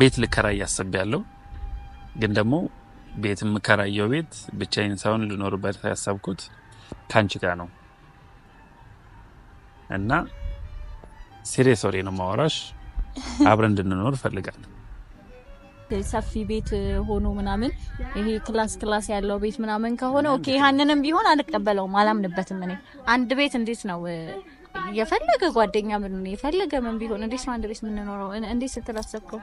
ቤት ልከራ እያሰብ ያለው ግን ደግሞ ቤት የምከራየው ቤት ብቻዬን ሳይሆን ልኖርበት ያሰብኩት ከአንቺ ጋር ነው እና ሲሪየስ ወሬ ነው ማወራሽ። አብረን እንድንኖር ፈልጋል። ሰፊ ቤት ሆኖ ምናምን ይሄ ክላስ ክላስ ያለው ቤት ምናምን ከሆነ ኦኬ፣ ያንንም ቢሆን አልቀበለውም፣ አላምንበትም። እኔ አንድ ቤት እንዴት ነው የፈለገ ጓደኛ ምን ነው የፈለገ ምን ቢሆን እንዴት ነው አንድ ቤት የምንኖረው? እንዴት ስትል አሰብከው?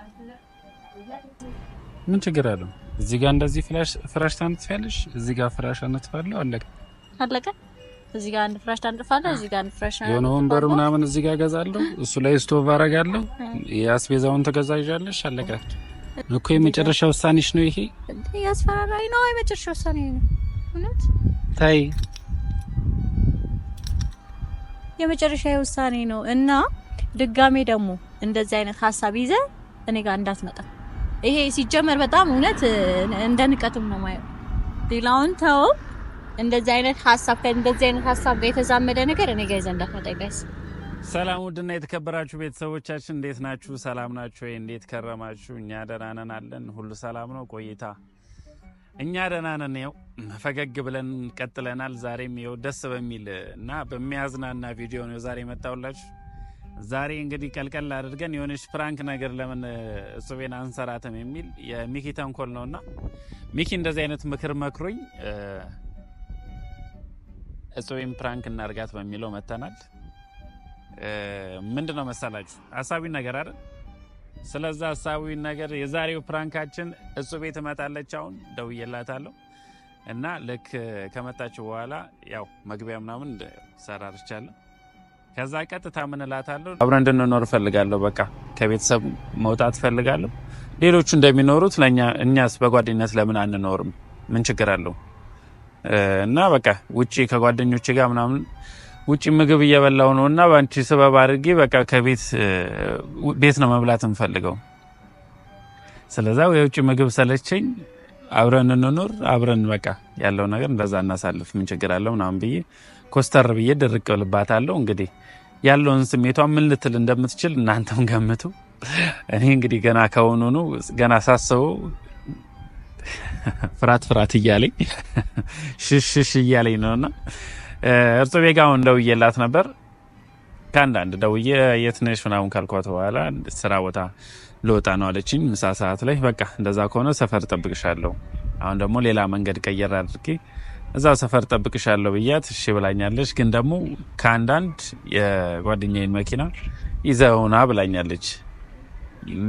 ምን ችግር አለው? እዚህ ጋር እንደዚህ ፍራሽ ፍራሽ ታነጥፊያለሽ፣ እዚህ ጋር ፍራሽ አነጥፋለሁ። አለቀ አለቀ። እዚህ ጋር አንድ ፍራሽ ታነጥፋለህ፣ እዚህ ጋር አንድ ፍራሽ አነጥፋለሁ። የሆነ ወንበር ምናምን እዚህ ጋር እገዛለሁ፣ እሱ ላይ ስቶቭ አደርጋለሁ። የአስቤዛውን ትገዛዣለሽ። አለቀ እኮ። የመጨረሻ ውሳኔሽ ነው ይሄ? ያስፈራራኝ ነው የመጨረሻ ውሳኔ ነው። እውነት ታይ የመጨረሻ ውሳኔ ነው እና ድጋሜ ደግሞ እንደዚህ አይነት ሀሳብ ይዘ እኔ ጋር እንዳትመጣ። ይሄ ሲጀመር በጣም እውነት እንደ ንቀትም ነው ማየው። ሌላውን ተው። እንደዚህ አይነት ሀሳብ ከእንደዚህ አይነት ሀሳብ ጋር የተዛመደ ነገር እኔ ጋር ይዘህ እንዳትመጣ ሰላም ውድና የተከበራችሁ ቤተሰቦቻችን እንዴት ናችሁ? ሰላም ናችሁ ወይ? እንዴት ከረማችሁ? እኛ ደህና ነን አለን። ሁሉ ሰላም ነው። ቆይታ እኛ ደህና ነን። ፈገግ ብለን ቀጥለናል። ዛሬም ይኸው ደስ በሚል እና በሚያዝናና ቪዲዮ ነው ዛሬ መጣሁላችሁ። ዛሬ እንግዲህ ቀልቀል አድርገን የሆነች ፕራንክ ነገር ለምን እጹቤን አንሰራትም የሚል የሚኪ ተንኮል ነው እና ሚኪ እንደዚህ አይነት ምክር መክሮኝ እጹቤን ፕራንክ እናርጋት በሚለው መተናል። ምንድን ነው መሰላችሁ አሳቢ ነገር አይደል ስለዛ ሀሳቢ ነገር የዛሬው ፕራንካችን እሱ ቤት እመጣለች። አሁን ደውዬላታለሁ እና ልክ ከመጣችው በኋላ ያው መግቢያ ምናምን ሰራርቻለሁ። ከዛ ቀጥታ ምን እላታለሁ፣ አብረን እንድንኖር እፈልጋለሁ። በቃ ከቤተሰብ መውጣት እፈልጋለሁ። ሌሎቹ እንደሚኖሩት እኛስ በጓደኝነት ለምን አንኖርም? ምን ችግር አለው? እና በቃ ውጭ ከጓደኞች ጋር ምናምን ውጭ ምግብ እየበላው ነው እና በአንቺ ስበብ አድርጌ በቃ ከቤት ቤት ነው መብላት እንፈልገው። ስለዛ የውጭ ምግብ ሰለቸኝ፣ አብረን እንኑር፣ አብረን በቃ ያለው ነገር እንደዛ እናሳልፍ፣ ምን ችግር አለው ምናምን ብዬ ኮስተር ብዬ ድርቅ አለው እንግዲህ ያለውን ስሜቷ ምን ልትል እንደምትችል እናንተም ገምቱ። እኔ እንግዲህ ገና ከሆኑኑ ገና ሳስበው ፍራት ፍራት እያለኝ ሽሽሽ እያለኝ ነውና እርጥቤ ጋር ደውዬላት ነበር። ከአንዳንድ ደውዬ የት ነሽ ምናምን ካልኳት በኋላ ስራ ቦታ ልወጣ ነው አለችኝ፣ ምሳ ሰዓት ላይ። በቃ እንደዛ ከሆነ ሰፈር ጠብቅሻለሁ፣ አሁን ደግሞ ሌላ መንገድ ቀየር አድርጌ እዛ ሰፈር ጠብቅሻለሁ ብያት እሺ ብላኛለች። ግን ደግሞ ከአንዳንድ የጓደኛዬን መኪና ይዘውና ብላኛለች።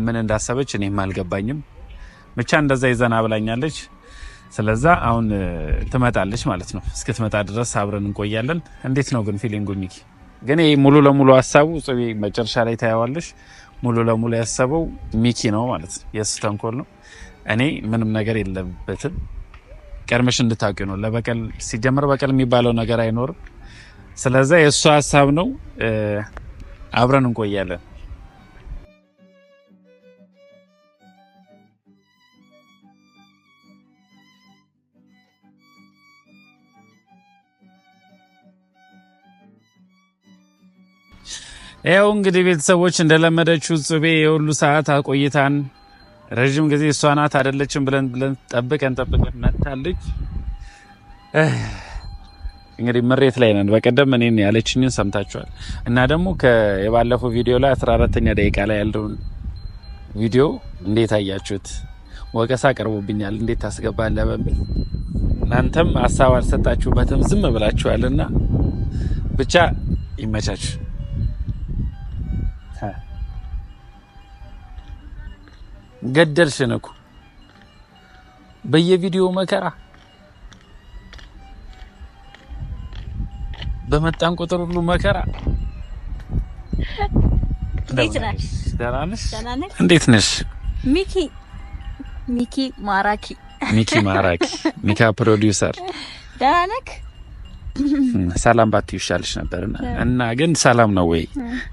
ምን እንዳሰበች እኔም አልገባኝም። ብቻ እንደዛ ይዘና ብላኛለች። ስለዛ አሁን ትመጣለች ማለት ነው። እስክትመጣ ድረስ አብረን እንቆያለን። እንዴት ነው ግን ፊሊንጉ ሚኪ? ግን ይህ ሙሉ ለሙሉ ሀሳቡ ጽቤ መጨረሻ ላይ ታየዋለሽ። ሙሉ ለሙሉ ያሰበው ሚኪ ነው ማለት ነው። የእሱ ተንኮል ነው። እኔ ምንም ነገር የለበትም። ቀድመሽ እንድታውቂው ነው። ለበቀል ሲጀመር በቀል የሚባለው ነገር አይኖርም። ስለዛ የእሱ ሀሳብ ነው። አብረን እንቆያለን። ያው እንግዲህ ቤተሰቦች እንደለመደችው ጽቤ የሁሉ ሰዓት አቆይታን ረዥም ጊዜ እሷ ናት አይደለችም ብለን ብለን ጠብቀን ጠብቀን መታለች። እንግዲህ ምሬት ላይ ነን። በቀደም እኔን ያለችኝን ሰምታችኋል። እና ደግሞ የባለፈው ቪዲዮ ላይ 14ኛ ደቂቃ ላይ ያለውን ቪዲዮ እንዴት አያችሁት? ወቀሳ ቀርቦብኛል፣ እንዴት ታስገባለ በሚል እናንተም ሀሳብ አልሰጣችሁበትም፣ ዝም ብላችኋልና ብቻ ይመቻችሁ። ገደልሽን እኮ በየቪዲዮ መከራ በመጣን ቁጥር ሁሉ መከራ። እንዴት ነሽ ሚኪ? ሚኪ ማራኪ ሚኪ ማራኪ ሚካ ፕሮዲውሰር ደህና ነህ? ሰላም ባትይው ይሻልሽ ነበርና እና ግን ሰላም ነው ወይ?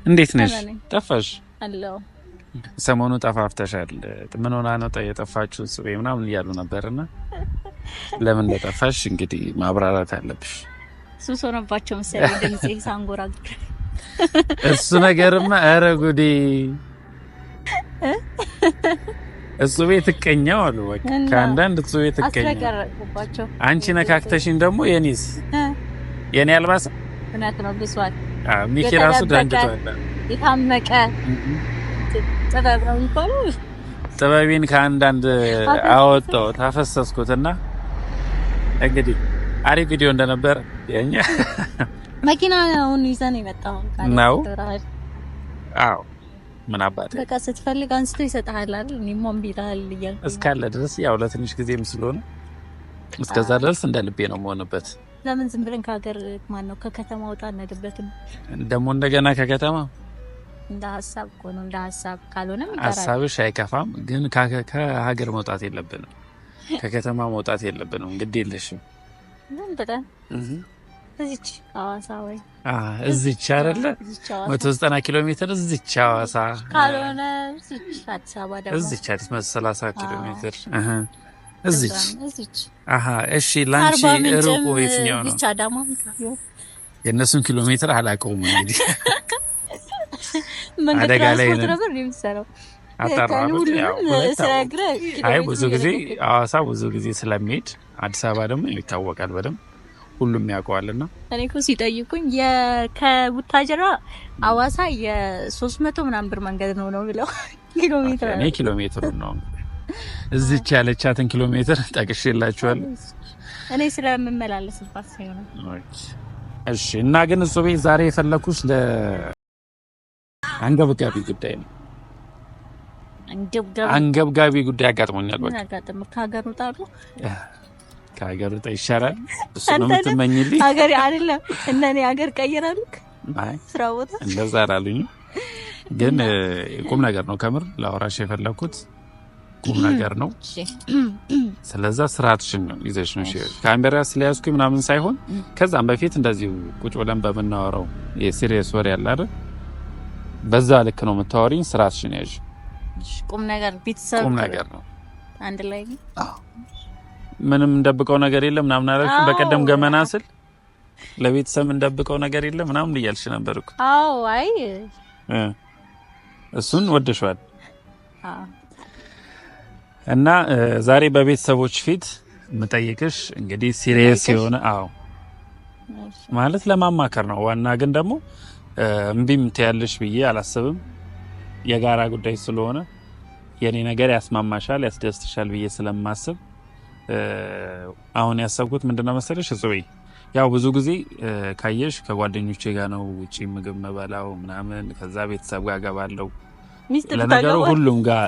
እንዴት ነሽ? ጠፋሽ አለው ሰሞኑ ጠፋፍተሻል፣ ምን ሆና ነው የጠፋችሁ ስቤ ምናምን እያሉ ነበርና ለምን እንደጠፋሽ እንግዲህ ማብራራት አለብሽ። ሱስ ሆነባቸው መሰለኝ ድምፄ ሳንጎራግር እሱ ነገርማ ኧረ ጉዴ እሱ ቤት እቀኛው አሉ። በቃ ከአንዳንድ እሱ ቤት እቀኛው አንቺ ነካክተሽኝ ደግሞ የኔስ የኔ አልባስ እውነት ነው ብሷል። ሚኪ ራሱ ደንግጧል። የታመቀ ጥበብ ነው የሚባለው። ጥበቤን ከአንዳንድ አወጣው ታፈሰስኩትና እንግዲህ አሪፍ ቪዲዮ እንደነበር የኛ መኪና አሁን ይዘን የመጣው ነው። አዎ ምን አባት በቃ ስትፈልግ አንስቶ ይሰጥሃል አይደል? እኔ ሞም ቢላል እስካለ ድረስ ያው ለትንሽ ጊዜም ስለሆነ እስከዛ ድረስ እንደ ልቤ ነው መሆንበት። ለምን ዝም ብለን ከሀገር ማን ነው ከከተማ ወጣ እንደደበትም ደግሞ እንደገና ከከተማ እንደ ሀሳብ እኮ ነው። እንደ ሀሳብ ካልሆነም ሀሳብሽ አይከፋም፣ ግን ከሀገር መውጣት የለብንም፣ ከከተማ መውጣት የለብንም። ግድ የለሽም ምን ብለን እዚች ሐዋሳ ወይ እዚች አይደለ መቶ ዘጠና ኪሎ ሜትር እዚች ሐዋሳ ካልሆነ እዚች አዲስ አበባ ደግሞ እዚች አዲስ መቶ ሰላሳ ኪሎ ሜትር እዚች እዚች። አሀ እሺ፣ ላንቺ ሩቁ የትኛው ነው? የእነሱን ኪሎ ሜትር አላውቀውም እንግዲህ መንገድ ትራንስፖርት ነበር የሚሰራው አይ ብዙ ጊዜ አዋሳ ብዙ ጊዜ ስለሚሄድ አዲስ አበባ ደግሞ ይታወቃል በደንብ ሁሉም ያውቀዋል። ና እኔ እኮ ሲጠይቁኝ ከቡታጀራ ሐዋሳ የሶስት መቶ ምናምን ብር መንገድ ነው ነው ብለው ኪሎ ሜትር እኔ ኪሎ ሜትሩ ነው እዚች ያለቻትን ኪሎ ሜትር ጠቅሽ የላችኋል እኔ ስለምመላለስባት ሲሆነ እሺ። እና ግን እሱ ቤት ዛሬ የፈለኩሽ አንገብጋቢ ጉዳይ ነው። አንገብጋቢ ጉዳይ አጋጥሞኛል። በቃ ከሀገር ውጣ ነው፣ ከሀገር ውጣ ይሻላል። እሱ ነው የምትመኝልኝ? ሀገር አይደለም እና እኔ ሀገር ቀይራሉ ስራ ቦታ እንደዛ አላሉኝ፣ ግን ቁም ነገር ነው። ከምር ለአውራሽ የፈለኩት ቁም ነገር ነው። ስለዛ ስርዓትሽን ነው ይዘሽ ነው ካሜራ ስለያዝኩኝ ምናምን ሳይሆን ከዛም በፊት እንደዚህ ቁጭ ብለን በምናወራው የሲሪየስ ወሬ አለ አይደል በዛ ልክ ነው የምታወሪኝ። ስራሽን ያዥ። ቁም ነገር ቤተሰብ ቁም ነገር ነው። አንድ ላይ ምንም እንደብቀው ነገር የለም ምናምን አላልሽም? በቀደም ገመና ስል ለቤተሰብ እንደብቀው ነገር የለም ምናምን እያልሽ ነበር እኮ። አዎ፣ አይ እሱን ወደሽዋል። እና ዛሬ በቤተሰቦች ፊት የምጠይቅሽ እንግዲህ ሲሪየስ የሆነ አዎ ማለት ለማማከር ነው ዋና ግን ደግሞ እምቢም ትያለሽ ብዬ አላስብም። የጋራ ጉዳይ ስለሆነ የኔ ነገር ያስማማሻል፣ ያስደስትሻል ብዬ ስለማስብ አሁን ያሰብኩት ምንድነው መሰለሽ እጽ ያው ብዙ ጊዜ ካየሽ ከጓደኞቼ ጋር ነው ውጪ ምግብ መበላው ምናምን፣ ከዛ ቤተሰብ ጋር ገባለው። ለነገሩ ሁሉም ጋር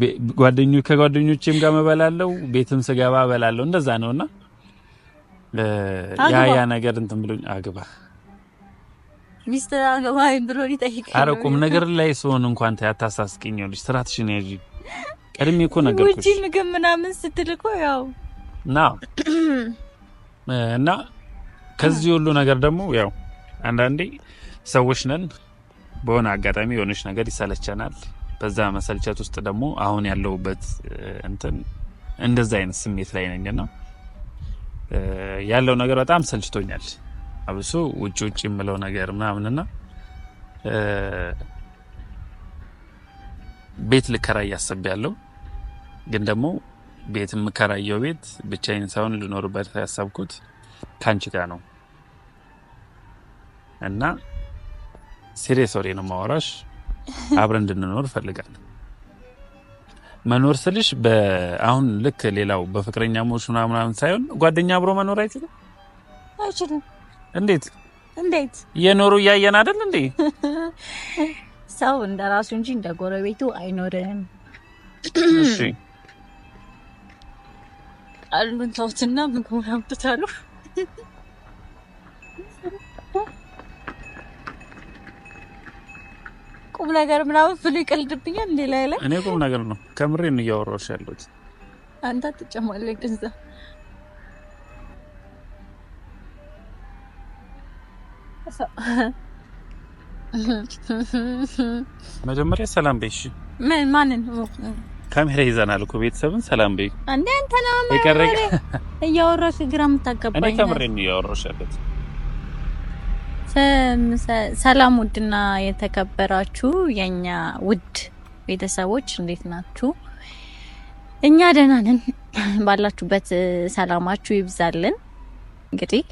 ከጓደኞቼም ጋር መበላለው፣ ቤትም ስገባ በላለው። እንደዛ እና ያ ያ ነገር እንትን ብሎኝ አግባ ሚስትር አልገባኝ ብሎ ሊጠይቀኝ። አረ ቁም ነገር ላይ ሲሆን እንኳን አታሳስቂኝ። ልጅ ስራትሽን ያዥ። ቀድሜ እኮ ነገር ውጪ ምግብ ምናምን ስትል እኮ ያው ና እና ከዚህ ሁሉ ነገር ደግሞ ያው አንዳንዴ ሰዎች ነን። በሆነ አጋጣሚ የሆነች ነገር ይሰለቸናል። በዛ መሰልቸት ውስጥ ደግሞ አሁን ያለሁበት እንትን እንደዛ አይነት ስሜት ላይ ነኝና ያለው ነገር በጣም ሰልችቶኛል። አብሶ ውጭ ውጭ የምለው ነገር ምናምንና ቤት ልከራይ እያሰብ ያለው ግን ደግሞ ቤት የምከራየው ቤት ብቻዬን ሳይሆን ልኖርበት ያሰብኩት ከአንቺ ጋር ነው እና ሲሪየስ ወሬ ነው ማወራሽ። አብረን እንድንኖር እፈልጋለሁ። መኖር ስልሽ አሁን ልክ ሌላው በፍቅረኛሞች ምናምን ሳይሆን ጓደኛ አብሮ መኖር አይችልም አይችልም። እንዴት እንዴት እየኖሩ እያየን አይደል እንዴ? ሰው እንደ ራሱ እንጂ እንደ ጎረቤቱ አይኖርም። እሺ ቃሉን ተውትና ምግቡን አምጥታሉ። ቁም ነገር ምናምን ብሎ ይቀልድብኛል። እንዴ ላይ ላይ እኔ ቁም ነገር ነው ከምሬን ነው እያወራሁሽ ያለሁት። አንተ ትጨማለህ ገንዘብ መጀመሪያ ሰላም በይሽ። ምን ማንን? ካሜራ ይዘናል እኮ ቤተሰብን ሰላም በይ። አንዴ አንተ ነው እያወራሽ ግራ የምታገባኝ። እኔ ከምሬ ነው እያወራሽ ያለሁት። ሰላም ውድና የተከበራችሁ የኛ ውድ ቤተሰቦች እንዴት ናችሁ? እኛ ደህና ነን። ባላችሁበት ሰላማችሁ ይብዛልን። እንግዲህ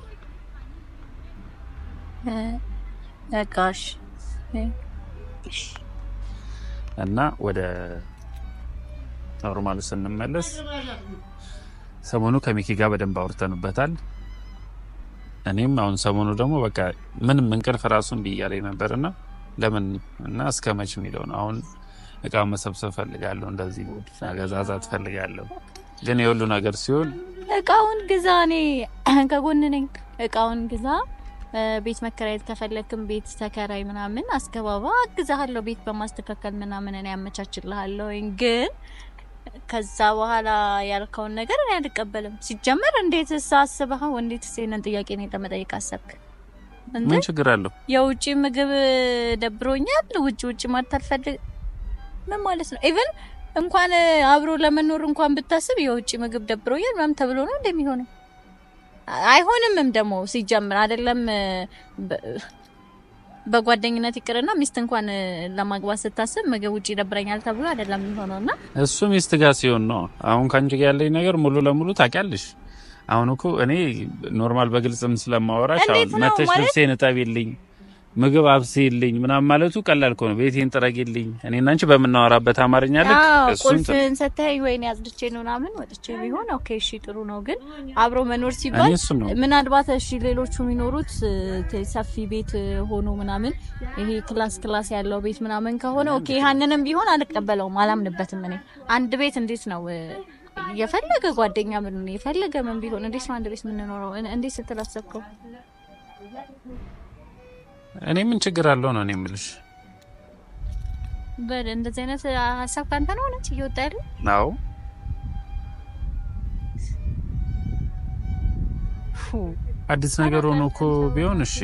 ነጋሽ እና ወደ ኖርማሉ ስንመለስ ሰሞኑ ከሚኪ ጋር በደንብ አውርተንበታል። እኔም አሁን ሰሞኑ ደግሞ በቃ ምንም እንቅልፍ ራሱ እምቢ ነበር እና ለምን እና እስከ መች የሚለው ነው። አሁን እቃ መሰብሰብ ፈልጋለሁ፣ እንደዚህ መገዛዛት ፈልጋለሁ። ግን የሁሉ ነገር ሲሆን እቃውን ግዛ፣ እኔ ከጎን ነኝ። እቃውን ግዛ ቤት መከራየት ከፈለክም ቤት ተከራይ ምናምን አስገባባ፣ አግዛሃለሁ ቤት በማስተካከል ምናምን እኔ ያመቻችልሃለሁኝ። ግን ከዛ በኋላ ያልከውን ነገር እኔ አልቀበልም። ሲጀመር እንዴት እሳ አስበኸው እንዴት ይሄንን ጥያቄ ነው ለመጠየቅ አሰብክ? ምን ችግር አለው? የውጭ ምግብ ደብሮኛል፣ ውጭ ውጭ ማታልፈልግ ምን ማለት ነው? ኢቨን እንኳን አብሮ ለመኖር እንኳን ብታስብ የውጭ ምግብ ደብሮኛል ምናምን ተብሎ ነው እንደሚሆነው አይሆንምም ደግሞ ሲጀምር አይደለም በጓደኝነት ይቅርና ሚስት እንኳን ለማግባት ስታስብ ምግብ ውጭ ይደብረኛል ተብሎ አይደለም የሚሆነውና እሱ ሚስት ጋር ሲሆን ነው። አሁን ከአንቺ ጋር ያለኝ ነገር ሙሉ ለሙሉ ታውቂያለሽ። አሁን እኮ እኔ ኖርማል በግልጽም ስለማወራሽ አሁን መተሽ ልብሴን እጠቢልኝ ምግብ አብስይልኝ ምናምን ማለቱ ቀላል ነው። ቤቴን ጥረጊልኝ፣ እኔ እና አንቺ በምናወራበት አማርኛ ልክ ቁልፍህን ሰተኸኝ ወይኔ አጽድቼ ነው ምናምን ወጥቼ ቢሆን ኦኬ፣ እሺ፣ ጥሩ ነው። ግን አብሮ መኖር ሲባል ምናልባት እሺ፣ ሌሎቹ የሚኖሩት ሰፊ ቤት ሆኖ ምናምን ይሄ ክላስ ክላስ ያለው ቤት ምናምን ከሆነ ኦኬ፣ ያንንም ቢሆን አልቀበለውም፣ አላምንበትም። እኔ አንድ ቤት እንዴት ነው የፈለገ ጓደኛ ምን የፈለገ ምን ቢሆን እንዴት ነው አንድ ቤት የምንኖረው? እንዴት ስትል እኔ ምን ችግር አለው ነው እኔ የምልሽ። በል እንደዚህ አይነት ሀሳብ ካንተ ነው ነጭ እየወጣ ያለ ነው። አዲስ ነገር ሆኖ እኮ ቢሆን እሺ፣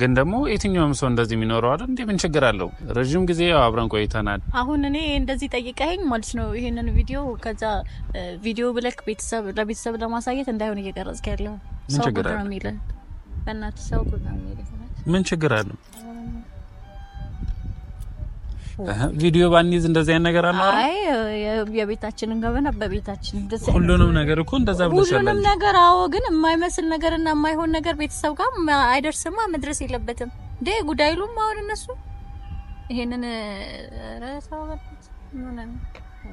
ግን ደግሞ የትኛውም ሰው እንደዚህ የሚኖረው አይደል እንዴ? ምን ችግር አለው? ረዥም ጊዜ አብረን ቆይተናል። አሁን እኔ እንደዚህ ጠይቀኸኝ ማለት ነው ይሄንን ቪዲዮ ከዛ ቪዲዮ ብለክ ቤተሰብ ለቤተሰብ ለማሳየት እንዳይሆን እየቀረጽክ ያለው ሰው ቁጥር የሚለን በእናትህ ሰው ቁጥር ነው ምን ችግር አለው? ቪዲዮ ባንይዝ እንደዚህ አይነት ነገር አለ። አይ የቤታችንን ገበና በቤታችን ሁሉንም ነገር እኮ እንደዛ ብለሽ ሁሉንም ነገር አዎ። ግን የማይመስል ነገርና የማይሆን ነገር ቤተሰብ ጋር አይደርስማ፣ መድረስ የለበትም እንዴ ጉዳይሉም አሁን እነሱ ይሄንን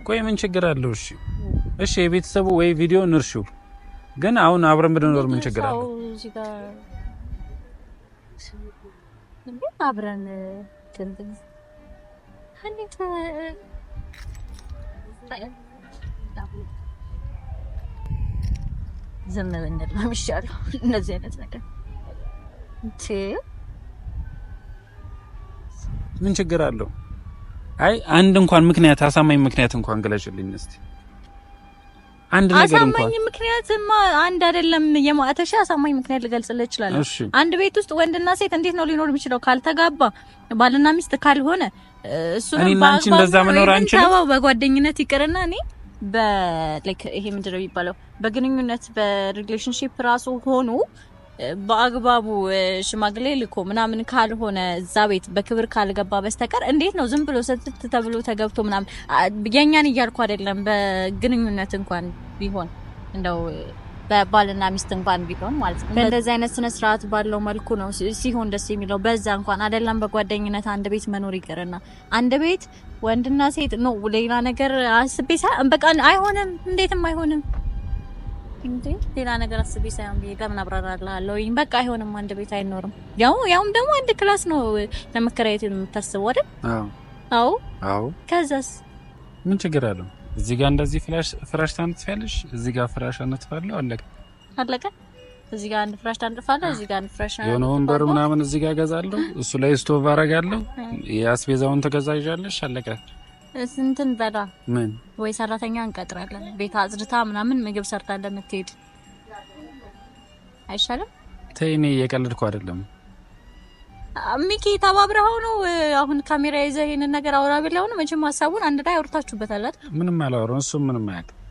ቆይ ምን ችግር አለው? እሺ እሺ የቤተሰቡ ወይ ቪዲዮ ንርሹ። ግን አሁን አብረን ብንኖር ምን ችግር አለው? ግን አብረን እንትን እንዴት ዝም ብንል ነው የሚሻለው። እነዚህ አይነት ነገር ምን ችግር አለው? አይ አንድ እንኳን ምክንያት አሳማኝ ምክንያት እንኳን ግለጭልኝ እስኪ አንድ ነገር እንኳን አሳማኝ ምክንያትማ አንድ አይደለም። የማተሻ አሳማኝ ምክንያት ልገልጽልህ እችላለሁ። አንድ ቤት ውስጥ ወንድና ሴት እንዴት ነው ሊኖር የሚችለው? ካልተጋባ ባልና ሚስት ካልሆነ እሱንም ባንቺ እንደዛ መኖር አንችልም። በጓደኝነት ይቅርና እኔ በ ላይክ ይሄ ምንድነው የሚባለው በግንኙነት በሪሌሽንሺፕ ራሱ ሆኖ በአግባቡ ሽማግሌ ልኮ ምናምን ካልሆነ እዛ ቤት በክብር ካልገባ በስተቀር እንዴት ነው ዝም ብሎ ስትት ተብሎ ተገብቶ ምናምን የኛን እያልኩ አይደለም። በግንኙነት እንኳን ቢሆን እንደው በባልና ሚስት እንኳን ቢሆን ማለት ነው በእንደዚህ አይነት ስነ ስርዓት ባለው መልኩ ነው ሲሆን ደስ የሚለው። በዛ እንኳን አይደለም በጓደኝነት አንድ ቤት መኖር ይቅርና አንድ ቤት ወንድና ሴት ነው ሌላ ነገር አስቤ በቃ አይሆንም፣ እንዴትም አይሆንም። እንዴ ሌላ ነገር አስቤ ሳይሆን ብዬ በቃ አይሆንም፣ አንድ ቤት አይኖርም። ያው ያውም ደግሞ አንድ ክላስ ነው ለመከራየት የምታስበው አይደል? አዎ አዎ። ከዛስ ምን ችግር አለው? እዚህ ጋር እንደዚህ ፍራሽ ፍራሽ እዚህ ጋር ፍራሽ አነጥፋለሁ። አለቀ አለቀ። እዚህ ጋር አንድ ፍራሽ እዚህ ጋር አንድ ፍራሽ የሆነ ወንበር ምናምን እዚህ ጋር ገዛለሁ፣ እሱ ላይ ስቶቭ አረጋለሁ። የአስቤዛውን ትገዛዣለሽ። አለቀ ስንትን በላ ምን ወይ ሰራተኛ እንቀጥራለን። ቤት አጽድታ ምናምን ምግብ ሰርታ ለምትሄድ አይሻልም? ተይ፣ እኔ እየቀለድኩ አይደለም። ሚኪ ተባብረኸው ነው አሁን ካሜራ ይዘ ይሄንን ነገር አውራ ቢለውን መቼም ሀሳቡን አንድ ላይ አውርታችሁበታል። ምንም አላወራም እሱ ምንም አያውቅም።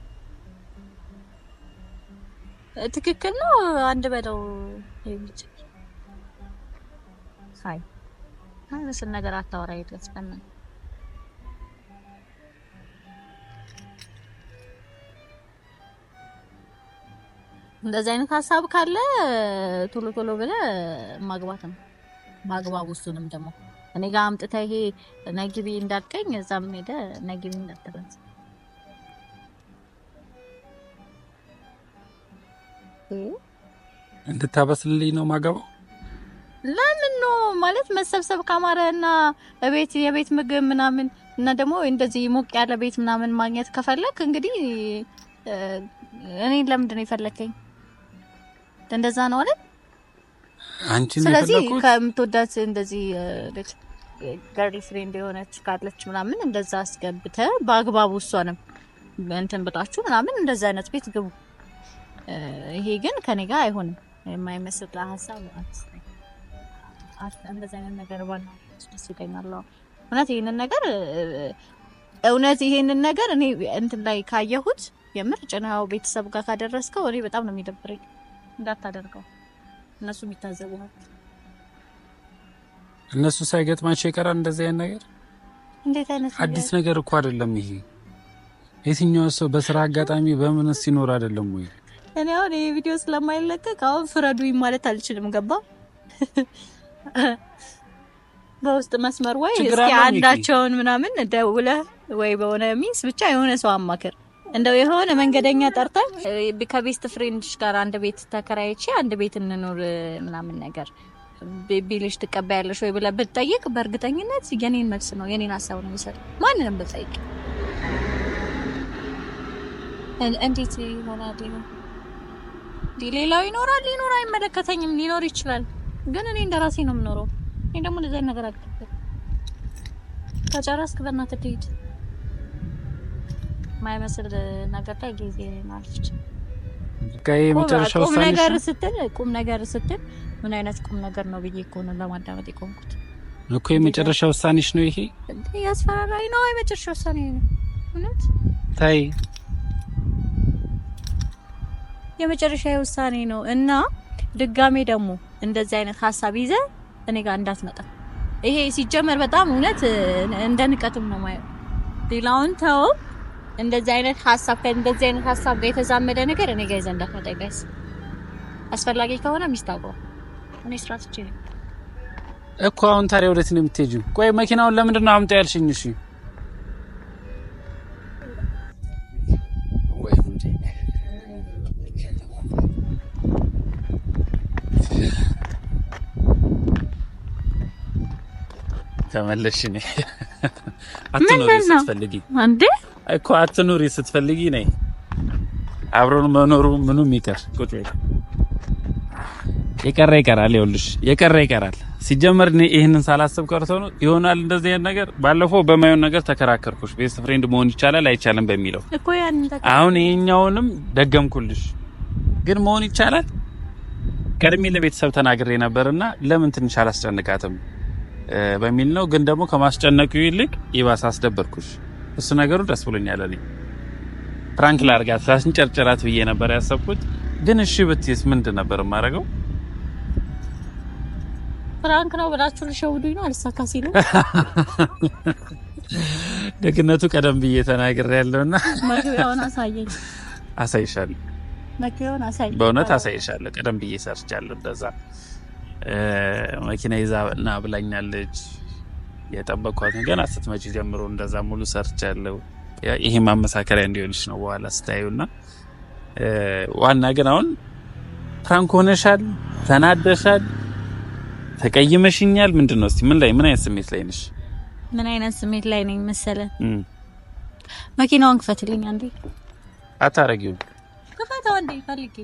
ትክክል ነው። አንድ በለው ይብጭ ሳይ ነገር አታወራ ይደስ እንደዚህ አይነት ሀሳብ ካለ ቶሎ ቶሎ ብለ ማግባት ነው ማግባብ። ውሱንም ደግሞ እኔ ጋር አምጥተ ይሄ ነግቢ እንዳልከኝ እዛም ሄደ ነግቢ እንዳትበል። እንድታበስልልኝ ነው ማገባው። ለምን ነው ማለት መሰብሰብ ካማረ እና ቤት የቤት ምግብ ምናምን እና ደግሞ እንደዚህ ሞቅ ያለ ቤት ምናምን ማግኘት ከፈለክ እንግዲህ እኔ ለምንድን ነው የፈለከኝ? እንደዛ ነው አለን። አንቺ ነው ስለዚህ ከምትወዳት እንደዚህ ገርል ፍሬንድ የሆነች ካለች ምናምን እንደዛ አስገብተ በአግባቡ እሷንም እንትን ብላችሁ ምናምን እንደዛ አይነት ቤት ግቡ። ይሄ ግን ከኔ ጋር አይሆንም የማይመስል ሀሳብ እንደዛ አይነት ነገር ባለ ደስ ይለኛል። እውነት ይህንን ነገር እውነት ይሄንን ነገር እኔ እንትን ላይ ካየሁት የምር ጭናው ቤተሰብ ጋር ካደረስከው እኔ በጣም ነው የሚደብረኝ። እንዳታደርገው እነሱ የሚታዘቡ እነሱ ሳይገጥማቸው ይቀራል። እንደዚህ አይነት ነገር እንዴት አይነት አዲስ ነገር እኮ አይደለም ይሄ። የትኛው ሰው በስራ አጋጣሚ በምን ሲኖር አይደለም ወይ? እኔ አሁን ይሄ ቪዲዮ ስለማይለቀቅ አሁን ፍረዱኝ ማለት አልችልም። ገባ በውስጥ መስመር ወይ እስኪ አንዳቸውን ምናምን ደውለህ ወይ በሆነ ሚንስ ብቻ የሆነ ሰው አማክር። እንደው የሆነ መንገደኛ ጠርተን ከቤስት ፍሬንድሽ ጋር አንድ ቤት ተከራይቼ አንድ ቤት እንኖር ምናምን ነገር ቢልሽ ትቀበያለሽ ወይ ብለህ ብትጠይቅ በእርግጠኝነት የኔን መልስ ነው የኔን ሀሳብ ነው የሚሰጥ ማንንም ብትጠይቅ። እንዴት ይሆናል? ሌላው ይኖራል ሊኖር አይመለከተኝም። ሊኖር ይችላል፣ ግን እኔ እንደ ራሴ ነው የምኖረው። እኔ ደግሞ እንደዛ ነገር አቅጥ ከጨረስክ በእናትህ ትሄድ ማይመስል ነገር ላይ ጊዜ ማለች ቁም ነገር ስትል ቁም ነገር ስትል ምን አይነት ቁም ነገር ነው ብዬ እኮ ነው ለማዳመጥ የቆምኩት እኮ። የመጨረሻ ውሳኔሽ ነው ይሄ? ያስፈራራኝ ነው። የመጨረሻ ውሳኔ ነው እውነት። ታይ የመጨረሻ ውሳኔ ነው እና ድጋሜ ደግሞ እንደዚህ አይነት ሀሳብ ይዘ እኔ ጋር እንዳትመጣ። ይሄ ሲጀመር በጣም እውነት እንደ ንቀትም ነው ማየው። ሌላውን ተው እንደዚህ አይነት ሀሳብ ከእንደዚህ አይነት ሀሳብ ጋር የተዛመደ ነገር እኔ ጋር ይዘህ እንዳትመጣ ጋይስ። አስፈላጊ ከሆነ ሚስታውቀው እኔ ስራ ትቼ እኮ። አሁን ታዲያ ወደት ነው የምትሄጂው? ቆይ መኪናውን ለምንድን ነው አምጣ ያልሽኝ? እሺ ተመለሽ። ስትፈልጊ እኮ አትኑሪ ስትፈልጊ ነይ። አብሮን መኖሩ ምኑ ይቀር ቁጭ በይ። የቀረ ይቀራል፣ ይኸውልሽ የቀረ ይቀራል። ሲጀመር እኔ ይህንን ሳላስብ ቀርቶ ነው ይሆናል እንደዚህ አይነት ነገር። ባለፈው በማየው ነገር ተከራከርኩሽ፣ ቤስት ፍሬንድ መሆን ይቻላል አይቻልም በሚለው አሁን ይሄኛውንም ደገምኩልሽ። ግን መሆን ይቻላል ቀድሜ ለቤተሰብ ተናግሬ ነበርና ለምን ትንሽ አላስጨንቃትም በሚል ነው። ግን ደግሞ ከማስጨነቁ ይልቅ ይባስ አስደበርኩሽ። እሱ ነገሩ ደስ ብሎኛል። እኔ ፕራንክ ላርጋት ላስንጨርጭራት ብዬ ነበር ያሰብኩት፣ ግን እሺ ብትይስ ምንድን ነበር የማደርገው? ፕራንክ ነው ብላችሁ ልሸውዱኝ ነው አልሳካ ሲሉ ደግነቱ ቀደም ብዬ ተናግሬ ያለውና መግቢያውን አሳየኝ። አሳይሻለሁ፣ መግቢያውን አሳየኝ። በእውነት አሳይሻለሁ። ቀደም ብዬ ሰርቻለሁ። እንደዛ መኪና ይዛ እና ብላኛለች የጠበቅኳትን ገና ስትመጪ ጀምሮ እንደዛ ሙሉ ሰርች ያለው ይሄ ማመሳከሪያ እንዲሆንች ነው በኋላ ስታዩ ና ዋና ግን አሁን ፕራንክ ሆነሻል፣ ተናደሻል፣ ተቀይመሽኛል። ምንድን ነው እስቲ ምን ላይ ምን አይነት ስሜት ላይ ነሽ? ምን አይነት ስሜት ላይ ነኝ መሰለ? መኪናውን ክፈትልኝ አንዴ። አታረጊው። ክፈተው እንዴ ፈልጌ